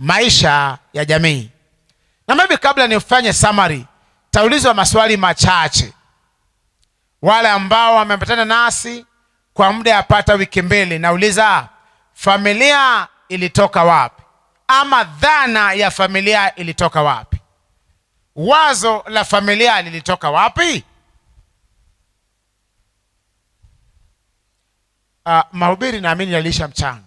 maisha ya jamii. Na maybe kabla nifanye summary, taulizwa maswali machache. Wale ambao wamepatana nasi kwa muda yapata wiki mbili, nauliza familia ilitoka wapi, ama dhana ya familia ilitoka wapi? Wazo la familia lilitoka wapi? Uh, mahubiri naamini yaliisha mchana,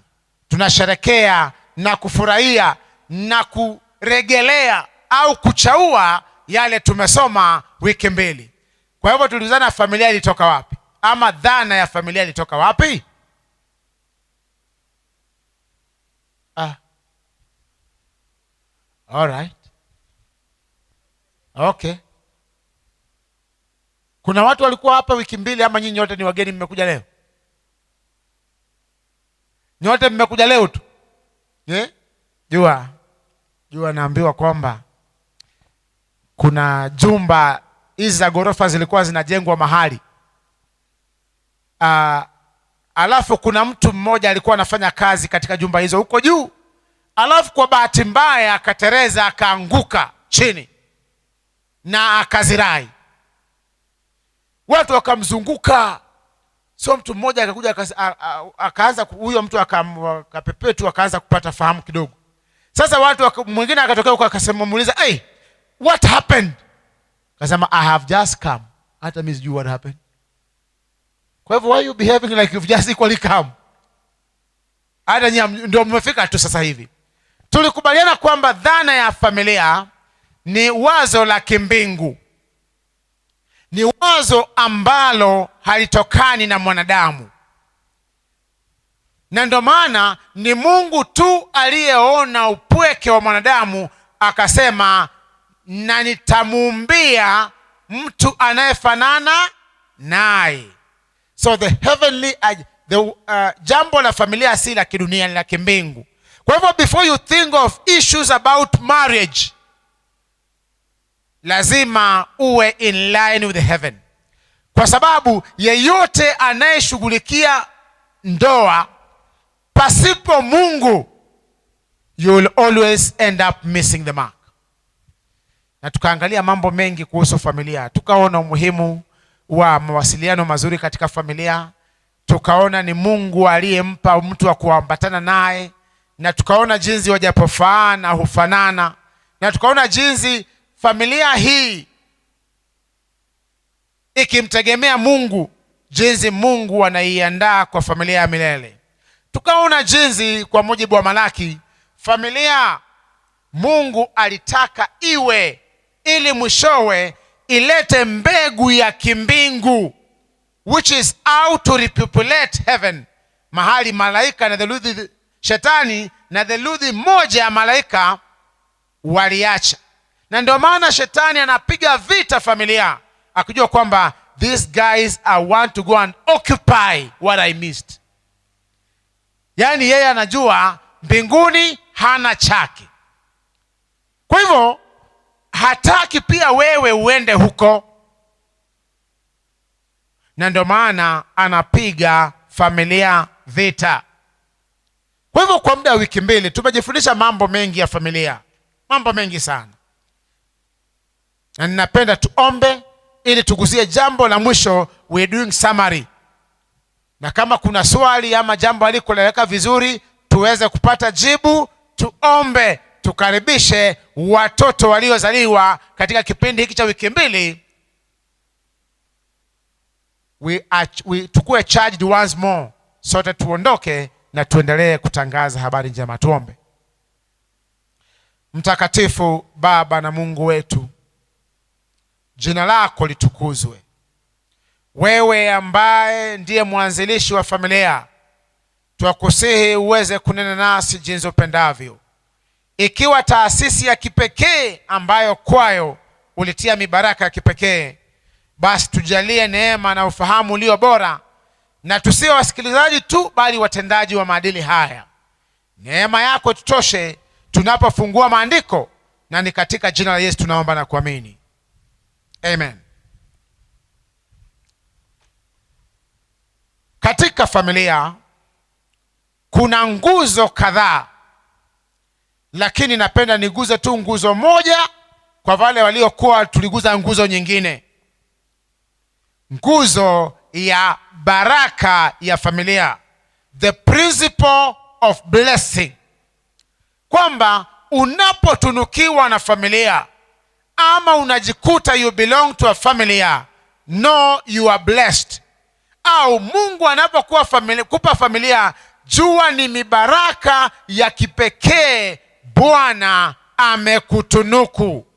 tunasherekea na kufurahia na kuregelea au kuchaua yale tumesoma wiki mbili. Kwa hivyo tuliuzana familia ilitoka wapi, ama dhana ya familia ilitoka wapi? Ah. All right. Okay. Kuna watu walikuwa hapa wiki mbili, ama nyinyi yote ni wageni mmekuja leo? Nyote mmekuja leo tu. Je? Eh? Jua juu anaambiwa kwamba kuna jumba hizi za ghorofa zilikuwa zinajengwa mahali uh, alafu kuna mtu mmoja alikuwa anafanya kazi katika jumba hizo huko juu, alafu kwa bahati mbaya akatereza akaanguka chini na akazirai. Watu wakamzunguka, so mtu mmoja akakuja akaanza, huyo mtu akapepetu, akaanza kupata fahamu kidogo sasa watu mwingine akatokea huko akamuuliza, hey, what happened? Kasema, I have just come. Hata mi sijui what happened. Kwa hivyo why you behaving like you've just equally come? Hata nyi ndio mmefika tu sasa hivi. Tulikubaliana kwamba dhana ya familia ni wazo la kimbingu, ni wazo ambalo halitokani na mwanadamu na ndo maana ni Mungu tu aliyeona upweke wa mwanadamu akasema, na nitamuumbia mtu anayefanana naye. So the heavenly the, uh, jambo la familia si la kidunia, ni la kimbingu. Kwa hivyo before you think of issues about marriage, lazima uwe in line with heaven, kwa sababu yeyote anayeshughulikia ndoa Pasipo Mungu you will always end up missing the mark. Na tukaangalia mambo mengi kuhusu familia, tukaona umuhimu wa mawasiliano mazuri katika familia, tukaona ni Mungu aliyempa mtu wa kuambatana naye, na tukaona jinsi wajapofaana hufanana, na tukaona jinsi familia hii ikimtegemea Mungu, jinsi Mungu anaiandaa kwa familia ya milele. Tukaona jinsi kwa mujibu wa Malaki familia Mungu alitaka iwe ili mwishowe ilete mbegu ya kimbingu which is how to repopulate heaven, mahali malaika na theluthi shetani na theluthi moja ya malaika waliacha. Na ndio maana shetani anapiga vita familia, akijua kwamba these guys I want to go and occupy what I missed yaani yeye anajua mbinguni hana chake. Kwa hivyo hataki pia wewe uende huko, na ndio maana anapiga familia vita. Kwa hivyo kwa muda wa wiki mbili tumejifundisha mambo mengi ya familia, mambo mengi sana, na ninapenda tuombe ili tugusie jambo la mwisho. we doing summary na kama kuna swali ama jambo halikueleweka vizuri, tuweze kupata jibu. Tuombe tukaribishe watoto waliozaliwa katika kipindi hiki cha wiki mbili. We, we, tukue charged once more, sote tuondoke na tuendelee kutangaza habari njema. Tuombe. Mtakatifu Baba na Mungu wetu, jina lako litukuzwe wewe ambaye ndiye mwanzilishi wa familia, twakusihi uweze kunena nasi jinsi upendavyo, ikiwa taasisi ya kipekee ambayo kwayo ulitia mibaraka ya kipekee, basi tujalie neema na ufahamu ulio bora, na tusiwe wasikilizaji tu, bali watendaji wa maadili haya. Neema yako tutoshe tunapofungua maandiko, na ni katika jina la Yesu tunaomba na kuamini, amen. Katika familia kuna nguzo kadhaa, lakini napenda niguze tu nguzo moja kwa wale waliokuwa tuliguza nguzo nyingine, nguzo ya baraka ya familia, the principle of blessing, kwamba unapotunukiwa na familia ama unajikuta you belong to a familia, no you are blessed au Mungu anapokuwa familia, kupa familia, jua ni mibaraka ya kipekee Bwana amekutunuku.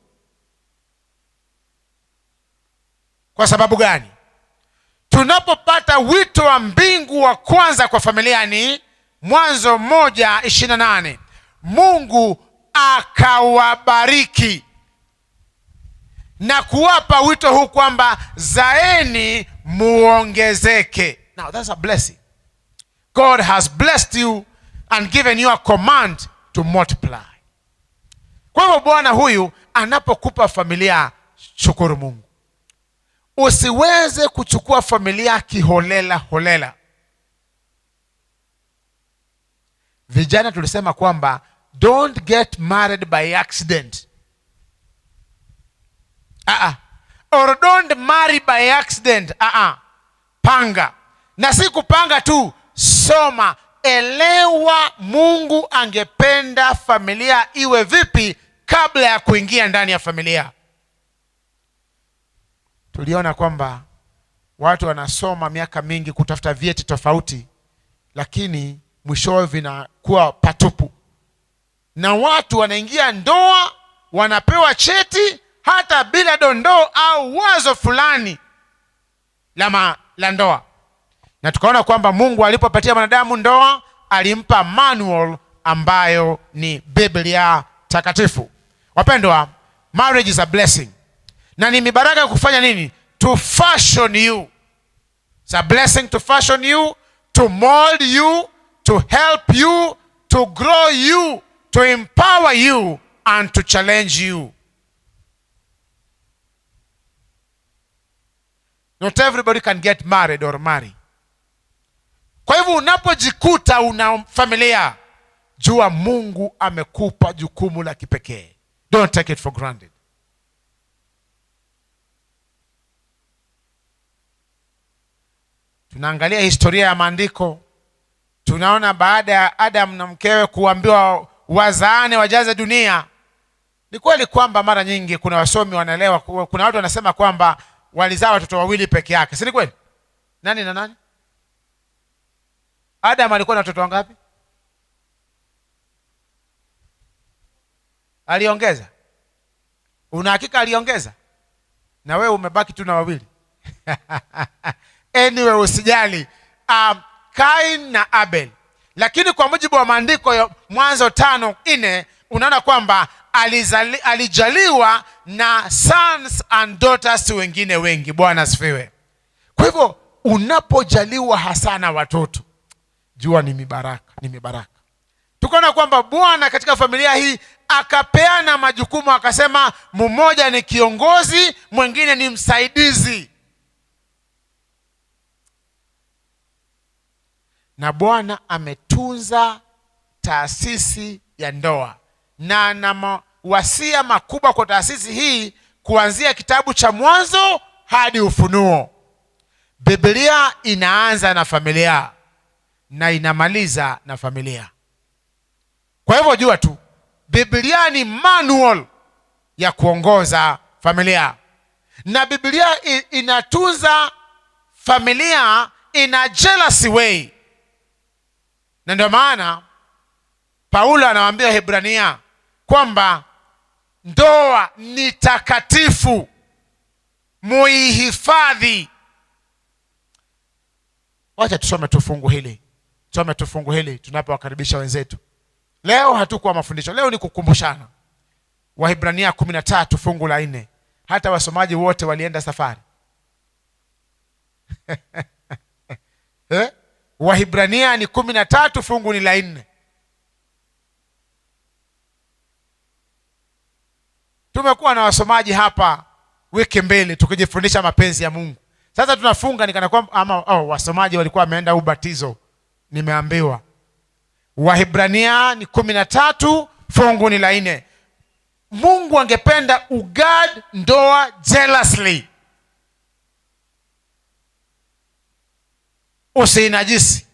Kwa sababu gani? Tunapopata wito wa mbingu wa kwanza kwa familia ni Mwanzo moja ishirina nane Mungu akawabariki na kuwapa wito huu kwamba zaeni muongezeke. Now that's a blessing. God has blessed you and given you a command to multiply. Kwa hivyo Bwana huyu anapokupa familia, shukuru Mungu. Usiweze kuchukua familia kiholela holela. Vijana tulisema kwamba don't get married by accident. Ah, ah or don't marry by accident. Uh -uh. Panga na si kupanga tu, soma, elewa Mungu angependa familia iwe vipi kabla ya kuingia ndani ya familia. Tuliona kwamba watu wanasoma miaka mingi kutafuta vyeti tofauti, lakini mwishowe vinakuwa patupu, na watu wanaingia ndoa, wanapewa cheti hata bila dondoo au wazo fulani la, ma, la ndoa. Na tukaona kwamba Mungu alipopatia mwanadamu ndoa alimpa manual ambayo ni Biblia Takatifu. Wapendwa, marriage is a blessing na ni mibaraka kufanya nini? To fashion you. It's a blessing to fashion you, to mold you, to help you, to grow you, to empower you and to challenge you. Not everybody can get married or marry. Kwa hivyo unapojikuta una familia, jua Mungu amekupa jukumu la kipekee. Don't take it for granted. Tunaangalia historia ya maandiko, tunaona baada ya Adam na mkewe kuambiwa wazaane, wajaze dunia. Ni kweli kwamba mara nyingi kuna wasomi wanaelewa, kuna watu wanasema kwamba walizaa watoto wawili peke yake, si ni kweli? Nani na nani? Adam alikuwa na watoto wangapi? Aliongeza? Una hakika aliongeza? Na wewe umebaki tu na wawili. Anyway, usijali. Um, Kain na Abel, lakini kwa mujibu wa maandiko ya Mwanzo tano nne unaona kwamba alizali, alijaliwa na sons and daughters wengine wengi. Bwana sifiwe Kwa hivyo unapojaliwa hasa na watoto, jua ni mibaraka, ni mibaraka. Tukaona kwamba Bwana katika familia hii akapeana majukumu, akasema mmoja ni kiongozi, mwingine ni msaidizi. Na Bwana ametunza taasisi ya ndoa na ana wasia makubwa kwa taasisi hii kuanzia kitabu cha Mwanzo hadi Ufunuo. Biblia inaanza na familia na inamaliza na familia. Kwa hivyo jua tu Biblia ni manual ya kuongoza familia, na Biblia inatunza familia in a jealousy way, na ndio maana Paulo anawaambia Hebrania kwamba ndoa ni takatifu, muihifadhi. Wacha tusome tu fungu hili, tusome tu fungu hili tunapowakaribisha wenzetu leo. Hatukuwa mafundisho leo, ni kukumbushana. Wahibrania kumi na tatu fungu la nne. Hata wasomaji wote walienda safari eh? Wahibrania ni kumi na tatu fungu ni la nne. Tumekuwa na wasomaji hapa wiki mbili tukijifundisha mapenzi ya Mungu. Sasa tunafunga nikana kwamba ama oh, wasomaji walikuwa wameenda ubatizo, nimeambiwa Wahibrania ni kumi na tatu fungu ni la nne. Mungu angependa ugard ndoa jealously, usiinajisi.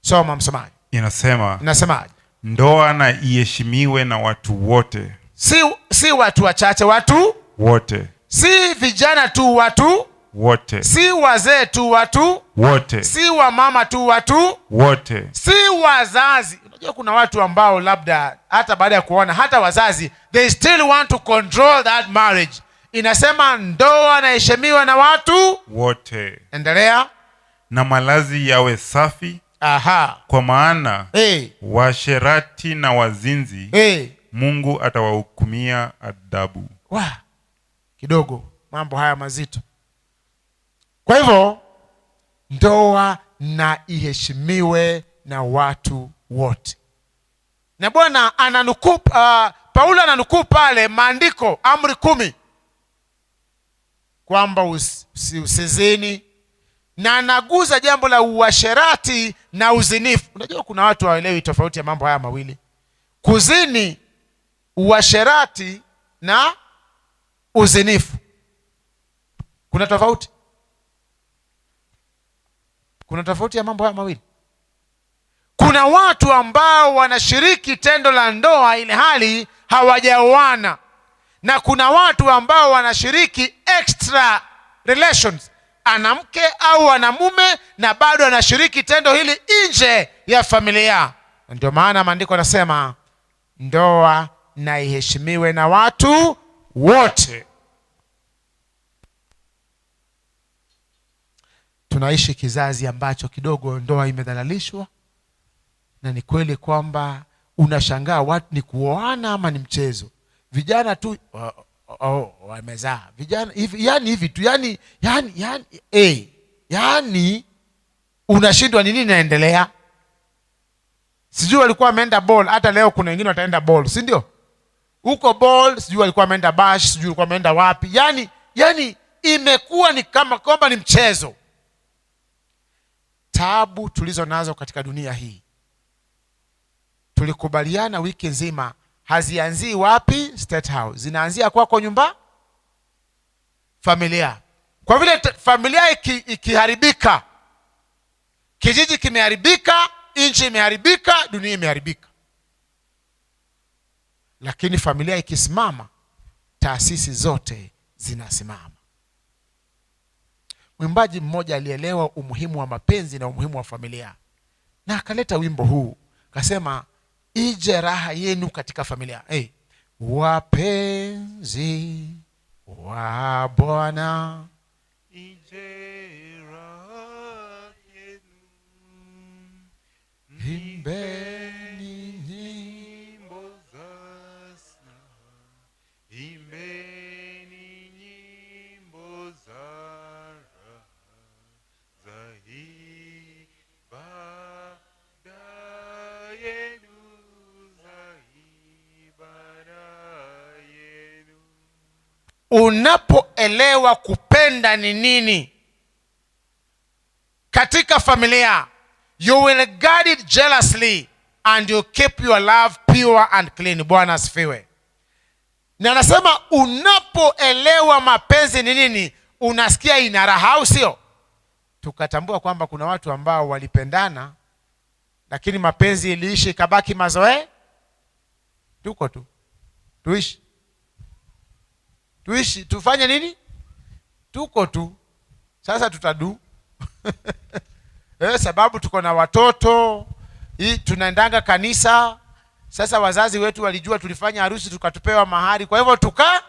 Soma msomaji, inasema inasemaje? Ndoa na iheshimiwe na watu wote si, si watu wachache, watu wote. Si vijana tu, watu wote. Si wazee tu, watu wote. Si wamama tu, watu wote. Si wazazi. Unajua kuna watu ambao labda hata baada ya kuona hata wazazi, they still want to control that marriage. Inasema ndoa naheshimiwa na watu wote. Endelea. Na malazi yawe safi. Aha. Kwa maana hey, washerati na wazinzi hey, Mungu atawahukumia adhabu. Wa, kidogo mambo haya mazito. Kwa hivyo ndoa na iheshimiwe na watu wote, na Bwana ananukuu uh, Paulo ananukuu pale maandiko, amri kumi kwamba usizini na anaguza jambo la uasherati na uzinifu. Unajua kuna watu hawaelewi tofauti ya mambo haya mawili. Kuzini uasherati na uzinifu. Kuna tofauti? Kuna tofauti ya mambo haya mawili. Kuna watu ambao wanashiriki tendo la ndoa ili hali hawajaoana, na kuna watu ambao wanashiriki extra relations, ana mke au ana mume na bado anashiriki tendo hili nje ya familia. Ndio maana maandiko yanasema ndoa na iheshimiwe na watu wote. Tunaishi kizazi ambacho kidogo ndoa imedhalalishwa, na ni kweli kwamba unashangaa watu ni kuoana ama ni mchezo. Vijana tu oh, oh, oh wamezaa vijana hivi, yani hivi tu yani, yani, yani, eh, yani unashindwa nini naendelea. Sijui walikuwa wameenda ball, hata leo kuna wengine wataenda ball, si ndio? huko bol sijui alikuwa ameenda Bash, sijui alikuwa ameenda wapi. Yani, yani imekuwa ni kama kwamba ni mchezo. tabu tulizo nazo katika dunia hii, tulikubaliana wiki nzima, hazianzii wapi? State House, zinaanzia kwako, kwa nyumba, familia. Kwa vile familia ikiharibika, iki kijiji kimeharibika, nchi imeharibika, dunia imeharibika. Lakini familia ikisimama, taasisi zote zinasimama. Mwimbaji mmoja alielewa umuhimu wa mapenzi na umuhimu wa familia, na akaleta wimbo huu, akasema ije raha yenu katika familia. Hey, wapenzi wa Bwana ije raha yenu unapoelewa kupenda ni nini katika familia, you will guard it jealously and you keep your love pure and clean. Bwana asifiwe. Na nasema unapoelewa mapenzi ni nini, unasikia ina raha, au sio? Tukatambua kwamba kuna watu ambao walipendana, lakini mapenzi iliishi ikabaki mazoee tuko tu tuishi tuishi tufanye nini? Tuko tu sasa, tutadu eh, sababu tuko na watoto hii, tunaendanga kanisa. Sasa wazazi wetu walijua tulifanya harusi tukatupewa mahari, kwa hivyo tuka,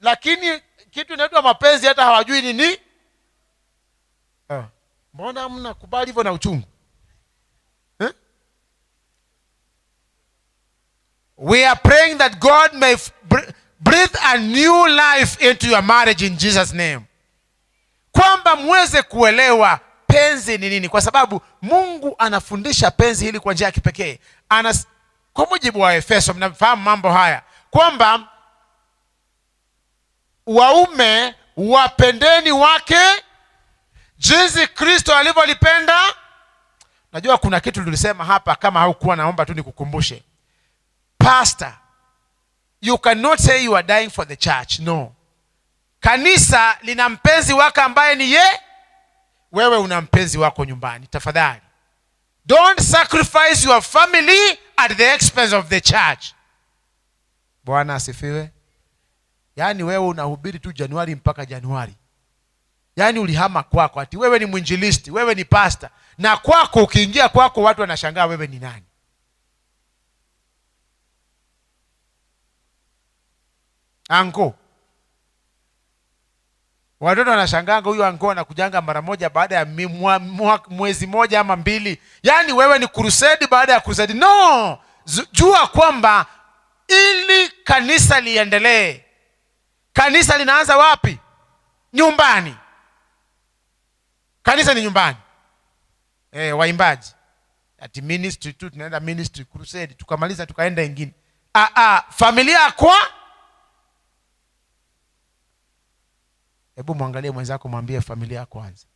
lakini kitu inaitwa mapenzi hata hawajui nini. Ah, mbona mna kubali hivyo na uchungu eh? We are praying that God may breathe a new life into your marriage in Jesus name, kwamba muweze kuelewa penzi ni nini, kwa sababu Mungu anafundisha penzi hili kwa njia ya kipekee. Anas, kwa mujibu wa Efeso, mnafahamu mambo haya kwamba waume wapendeni wake jinsi Kristo alivyolipenda. Najua kuna kitu tulisema hapa, kama haukuwa naomba tu nikukumbushe, Pastor you cannot say you are dying for the church no. Kanisa lina mpenzi wake ambaye ni ye, wewe una mpenzi wako nyumbani. Tafadhali don't sacrifice your family at the expense of the church. Bwana asifiwe. Yaani wewe unahubiri tu Januari mpaka Januari, yaani ulihama kwako, ati wewe ni mwinjilisti, wewe ni pasta, na kwako ukiingia kwako watu wanashangaa wewe ni nani. anko. Watoto wanashanganga huyo anko anakujanga mara moja baada ya mwa, mwa, mwezi moja ama mbili. Yaani wewe ni kurusedi baada ya kurusedi. No, jua kwamba ili kanisa liendelee, kanisa linaanza wapi? Nyumbani. Kanisa ni nyumbani. E, waimbaji ati ministry tu tunaenda ministry crusade, tukamaliza tukaenda ingine. Ah, ah, familia kwa Hebu mwangalie mwenzako, mwambie familia kwanza.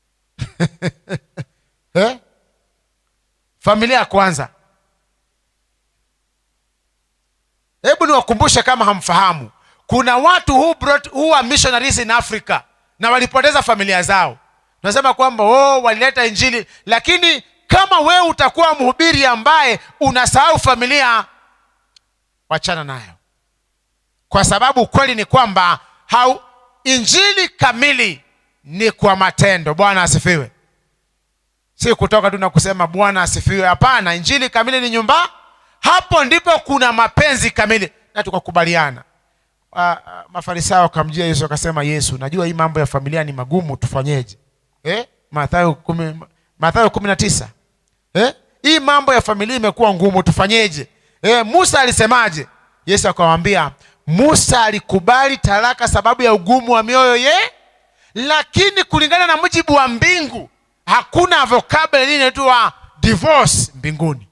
eh? Familia ya kwanza. Hebu niwakumbushe kama hamfahamu, kuna watu who brought, who are missionaries in Africa na walipoteza familia zao. Tunasema kwamba oh, walileta Injili, lakini kama wewe utakuwa mhubiri ambaye unasahau familia, wachana nayo kwa sababu kweli ni kwamba hau injili kamili ni kwa matendo. Bwana asifiwe. Si kutoka tu na kusema Bwana asifiwe. Hapana, injili kamili ni nyumba, hapo ndipo kuna mapenzi kamili, na tukakubaliana. Ah, ah, Mafarisayo wakamjia Yesu akasema Yesu, najua hii mambo ya familia ni magumu, tufanyeje? Eh? Mathayo kumi, Mathayo kumi na tisa. Eh? Hii mambo ya familia imekuwa ngumu, tufanyeje? Eh, Musa alisemaje? Yesu akawambia Musa alikubali talaka sababu ya ugumu wa mioyo ye, lakini kulingana na mujibu wa mbingu hakuna vocabulary inaitwa divorce mbinguni.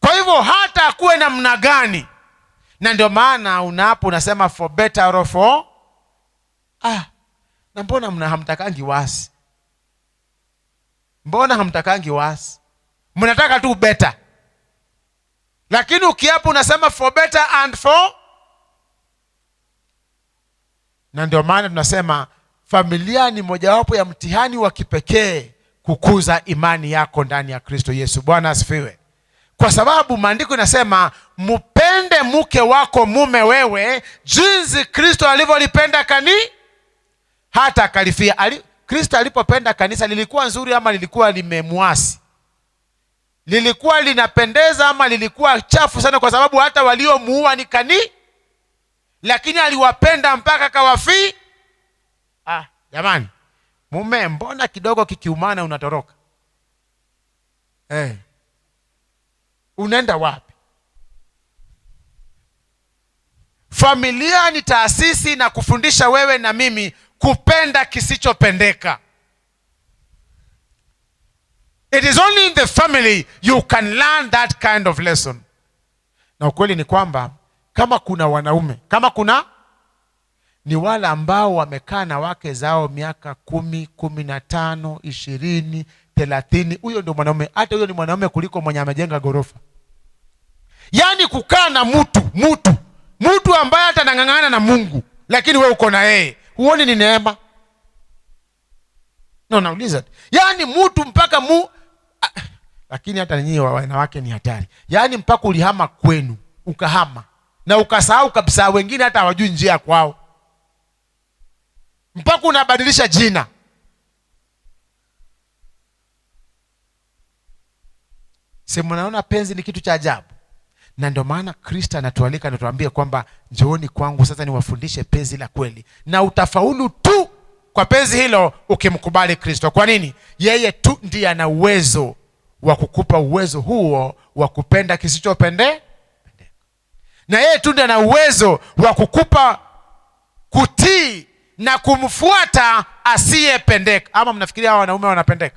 Kwa hivyo hata akuwe namna gani, na ndio maana unapo unasema for better or for ah, na mbona mna hamtakangi wasi, mbona hamtakangi wasi, mnataka tu beta lakini ukiapa unasema for better and for, na ndio maana tunasema familia ni mojawapo ya mtihani wa kipekee kukuza imani yako ndani ya Kristo Yesu. Bwana asifiwe. Kwa sababu maandiko inasema mpende mke wako mume wewe jinsi Kristo alivyolipenda kani hata akalifia. Kristo alipopenda kanisa lilikuwa nzuri ama lilikuwa limemwasi? lilikuwa linapendeza ama lilikuwa chafu sana, kwa sababu hata waliomuua ni kani, lakini aliwapenda mpaka kawafi. Ah, jamani, mume mbona kidogo kikiumana unatoroka eh? Unaenda wapi? Familia ni taasisi na kufundisha wewe na mimi kupenda kisichopendeka. It is only in the family you can learn that kind of lesson. Na ukweli ni kwamba kama kuna wanaume kama kuna ni wale ambao wamekaa na wake zao miaka kumi, kumi na tano, ishirini, thelathini. Huyo ndio mwanaume. Hata huyo ni mwanaume kuliko mwenye amejenga ghorofa. Yaani kukaa na mtu mtu mtu ambaye hata nangang'ana na Mungu, lakini we uko na yeye, huoni ni neema? No, nauliza yaani mtu mpaka mu lakini hata nyinyi wanawake ni hatari, yaani mpaka ulihama kwenu ukahama na ukasahau kabisa, wengine hata hawajui njia ya kwao, mpaka unabadilisha jina. Si mnaona penzi ni kitu cha ajabu? Na ndio maana Kristo anatualika, anatuambia kwamba njooni kwangu sasa niwafundishe penzi la kweli na utafaulu kwa penzi hilo ukimkubali Kristo. Kwa nini? Yeye tu ndiye ana uwezo wa kukupa uwezo huo wa kupenda kisichopende na yeye tu ndiye ana uwezo wa kukupa kutii na kumfuata asiyependeka. Ama mnafikiria hawa wanaume wanapendeka?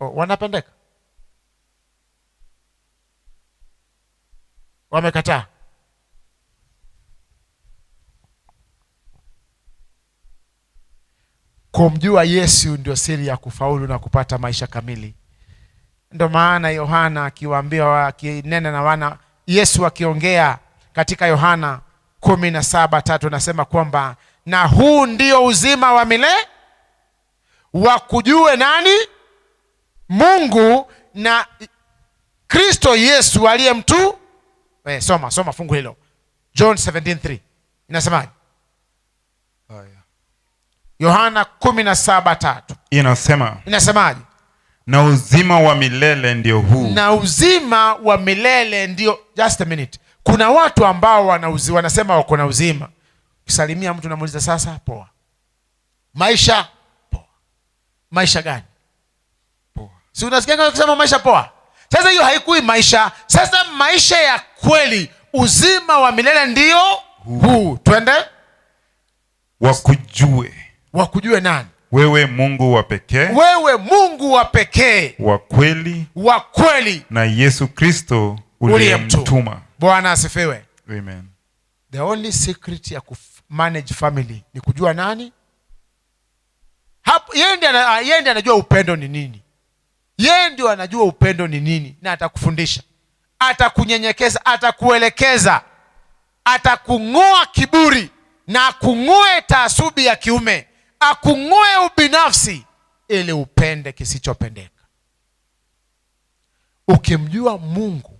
O, wanapendeka? Wamekataa. Kumjua Yesu ndio siri ya kufaulu na kupata maisha kamili. Ndio maana Yohana akiwaambia akinena na wana Yesu akiongea katika Yohana kumi na saba tatu anasema kwamba na huu ndio uzima wa mile wa kujue nani Mungu na Kristo Yesu mtu eh, Soma soma fungu hilo John 17:3 inasemaje? Yohana 17:3 inasema inasemaje? Na uzima wa milele ndio huu, na uzima wa milele ndio. Just a minute, kuna watu ambao wanauzi, wanasema wako na uzima. kisalimia mtu namuuliza sasa, poa maisha, poa maisha gani? Poa. Si unasikia kusema maisha poa? Sasa hiyo haikui maisha. Sasa maisha ya kweli, uzima wa milele ndio huu, twende wakujue wakujue nani? Wewe Mungu wa pekee, wewe Mungu wa pekee wa kweli, wa kweli na Yesu Kristo uliyemtuma. Bwana asifiwe. Amen. The only secret ya ku manage family ni kujua nani hapo. Yeye ndiye ah, anajua upendo ni nini, yeye ndio anajua upendo ni nini, na atakufundisha, atakunyenyekeza, atakuelekeza, atakung'oa kiburi na kung'oe taasubi ya kiume akung'oe ubinafsi ili upende kisichopendeka. Ukimjua Mungu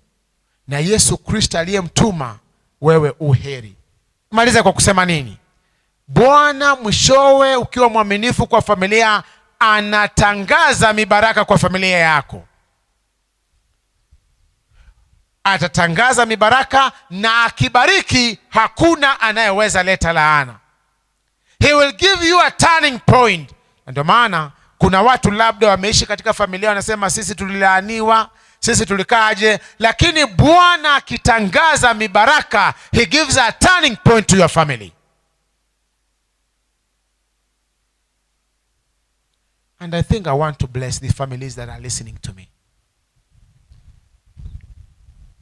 na Yesu Kristo aliyemtuma, wewe uheri. Maliza kwa kusema nini? Bwana mwishowe, ukiwa mwaminifu kwa familia, anatangaza mibaraka kwa familia yako. Atatangaza mibaraka na akibariki, hakuna anayeweza leta laana. He will give you a turning point. Na ndio maana kuna watu labda wameishi katika familia wanasema, sisi tulilaaniwa, sisi tulikaaje lakini Bwana akitangaza mibaraka, he gives a turning point to your family. And I think I want to bless the families that are listening to me.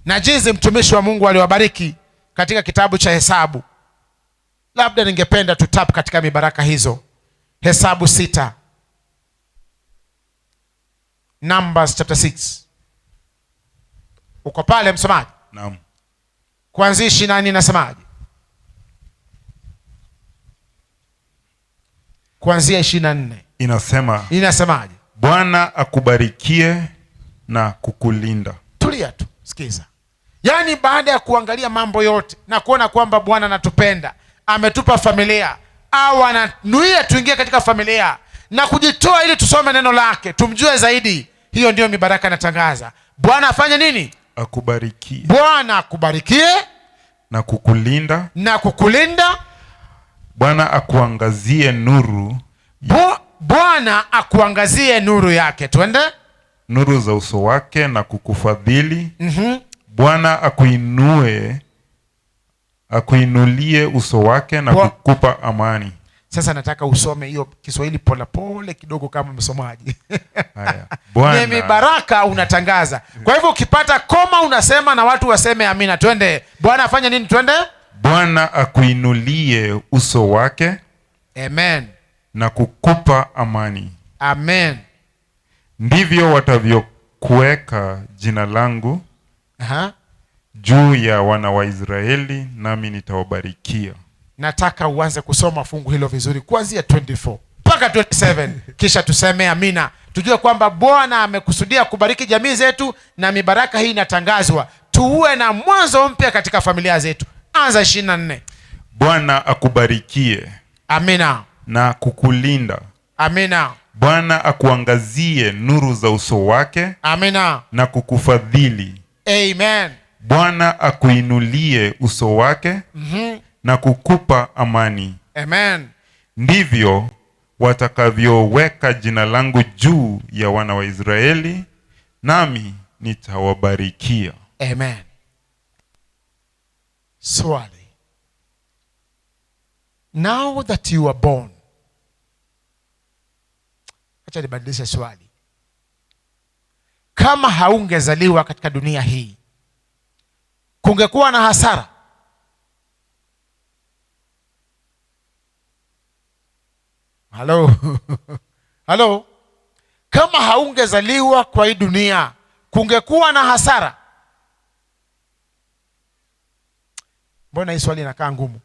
Na jinsi mtumishi wa Mungu aliwabariki katika kitabu cha Hesabu Labda ningependa tutap katika mibaraka hizo, Hesabu sita, Numbers chapter six. Uko pale msomaji? Naam. Kuanzia ishirini na nne Kuanzia ishirini na nne inasema inasemaje? Bwana akubarikie na kukulinda. Tulia tu, sikiza. Yaani baada ya kuangalia mambo yote na kuona kwamba Bwana anatupenda ametupa familia au ananuia tuingie katika familia na kujitoa ili tusome neno lake tumjue zaidi. Hiyo ndiyo mibaraka anatangaza. Bwana afanye nini? Akubarikie. Bwana akubarikie na kukulinda, na kukulinda. Bwana akuangazie nuru Bwana akuangazie nuru yake, twende nuru za uso wake na kukufadhili. mm -hmm. Bwana akuinue akuinulie uso wake na kukupa amani. Sasa nataka usome hiyo Kiswahili polepole kidogo kama msomaji. Haya. Ni baraka unatangaza. Kwa hivyo ukipata koma unasema na watu waseme amina. Twende. Bwana afanye nini? Twende. Bwana akuinulie uso wake. Amen. Na kukupa amani. Amen. Ndivyo watavyokuweka jina langu. Aha juu ya wana wa Israeli, nami nitawabarikia. Nataka uanze kusoma fungu hilo vizuri kuanzia 24 mpaka 27 kisha tuseme amina, tujue kwamba Bwana amekusudia kubariki jamii zetu na mibaraka hii inatangazwa, tuwe na mwanzo mpya katika familia zetu. Anza 24. Bwana akubarikie, amina, na kukulinda, amina. Bwana akuangazie nuru za uso wake, amina, na kukufadhili, amen. Bwana akuinulie uso wake mm -hmm. na kukupa amani. Amen. Ndivyo watakavyoweka jina langu juu ya wana wa Israeli, nami nitawabarikia. Amen. Swali. Now that you are born. Acha nibadilishe swali. Kama haungezaliwa katika dunia hii kungekuwa na hasara. Halo halo, kama haungezaliwa kwa hii dunia kungekuwa na hasara. Mbona hii swali inakaa ngumu?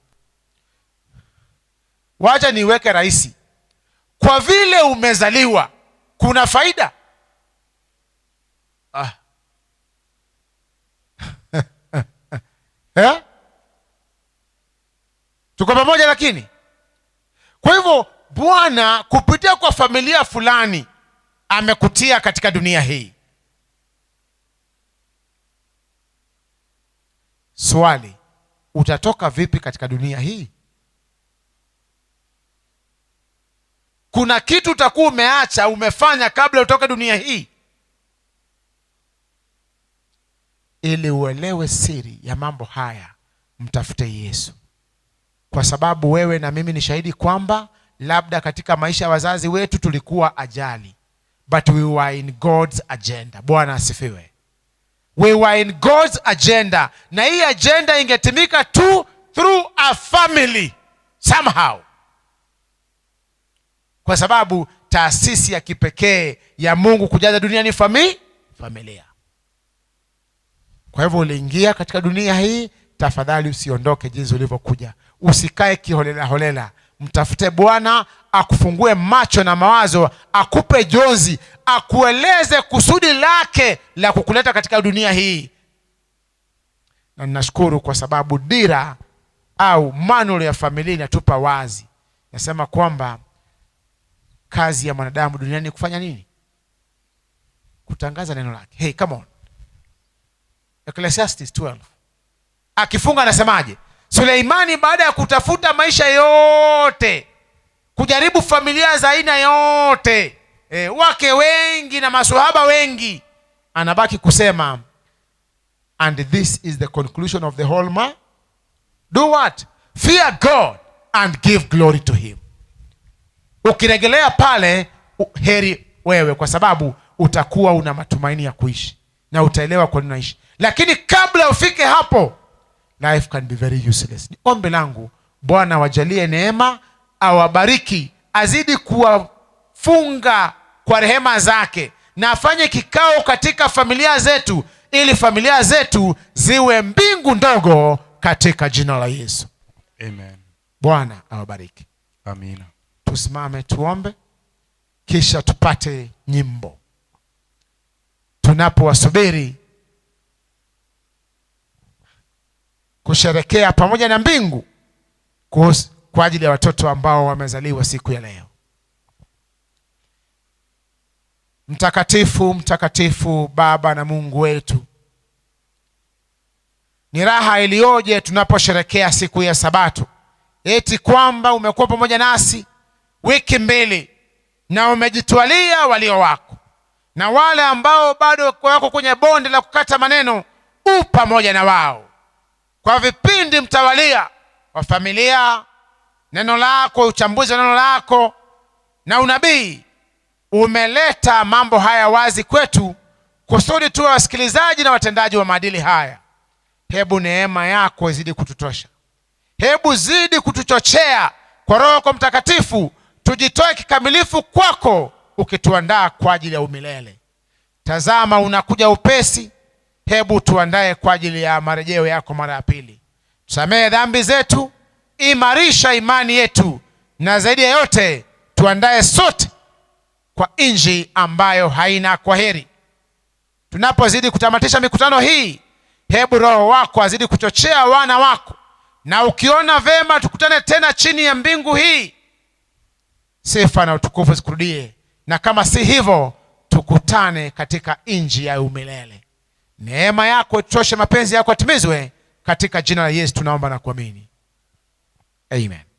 Wacha niweke rahisi. Kwa vile umezaliwa, kuna faida eh? Tuko pamoja lakini. Kwa hivyo Bwana kupitia kwa familia fulani amekutia katika dunia hii. Swali, utatoka vipi katika dunia hii? Kuna kitu utakuwa umeacha umefanya kabla utoke dunia hii ili uelewe siri ya mambo haya, mtafute Yesu, kwa sababu wewe na mimi ni shahidi kwamba labda katika maisha ya wazazi wetu tulikuwa ajali, but we were in God's agenda. Bwana asifiwe. We were in God's agenda, na hii agenda ingetimika tu through a family somehow, kwa sababu taasisi ya kipekee ya Mungu kujaza dunia ni familia. Kwa hivyo uliingia katika dunia hii, tafadhali usiondoke jinsi ulivyokuja, usikae kiholela holela. Mtafute Bwana akufungue macho na mawazo, akupe jonzi, akueleze kusudi lake la kukuleta katika dunia hii. Na ninashukuru kwa sababu dira au manual ya familia inatupa wazi, nasema kwamba kazi ya mwanadamu duniani ni kufanya nini? Kutangaza neno lake. Hey, come on. Ecclesiastes 12. Akifunga anasemaje? Suleimani baada ya kutafuta maisha yote, kujaribu familia za aina yote, e, wake wengi na masuhaba wengi, anabaki kusema and this is the conclusion of the whole man do what fear God and give glory to him. Ukiregelea pale, heri wewe, kwa sababu utakuwa una matumaini ya kuishi na utaelewa kwa nini unaishi lakini kabla ufike hapo, life can be very useless. Ni ombi langu Bwana wajalie neema, awabariki, azidi kuwafunga kwa rehema zake, na afanye kikao katika familia zetu, ili familia zetu ziwe mbingu ndogo katika jina la Yesu Amen. Bwana awabariki. Amina. Tusimame tuombe, kisha tupate nyimbo tunapowasubiri kusherekea pamoja na mbingu kwa ajili ya watoto ambao wamezaliwa siku ya leo. Mtakatifu, mtakatifu Baba na Mungu wetu, ni raha iliyoje tunaposherekea siku ya Sabato, eti kwamba umekuwa pamoja nasi wiki mbili na umejitwalia walio wako, na wale ambao bado wako kwenye bonde la kukata maneno u pamoja na wao kwa vipindi mtawalia wa familia, neno lako, uchambuzi wa neno lako na unabii umeleta mambo haya wazi kwetu, kusudi tuwe wasikilizaji na watendaji wa maadili haya. Hebu neema yako izidi kututosha, hebu zidi kutuchochea kwa Roho Mtakatifu, tujitoe kikamilifu kwako, ukituandaa kwa ajili ya umilele. Tazama, unakuja upesi hebu tuandae kwa ajili ya marejeo yako mara ya pili. Tusamehe dhambi zetu, imarisha imani yetu, na zaidi ya yote tuandae sote kwa inji ambayo haina kwaheri. Tunapozidi kutamatisha mikutano hii, hebu Roho wako azidi kuchochea wana wako, na ukiona vema tukutane tena chini ya mbingu hii, sifa na utukufu zikurudie, na kama si hivyo tukutane katika inji ya umilele. Neema yako itoshe, mapenzi yako atimizwe katika jina la Yesu tunaomba na kuamini. Amen.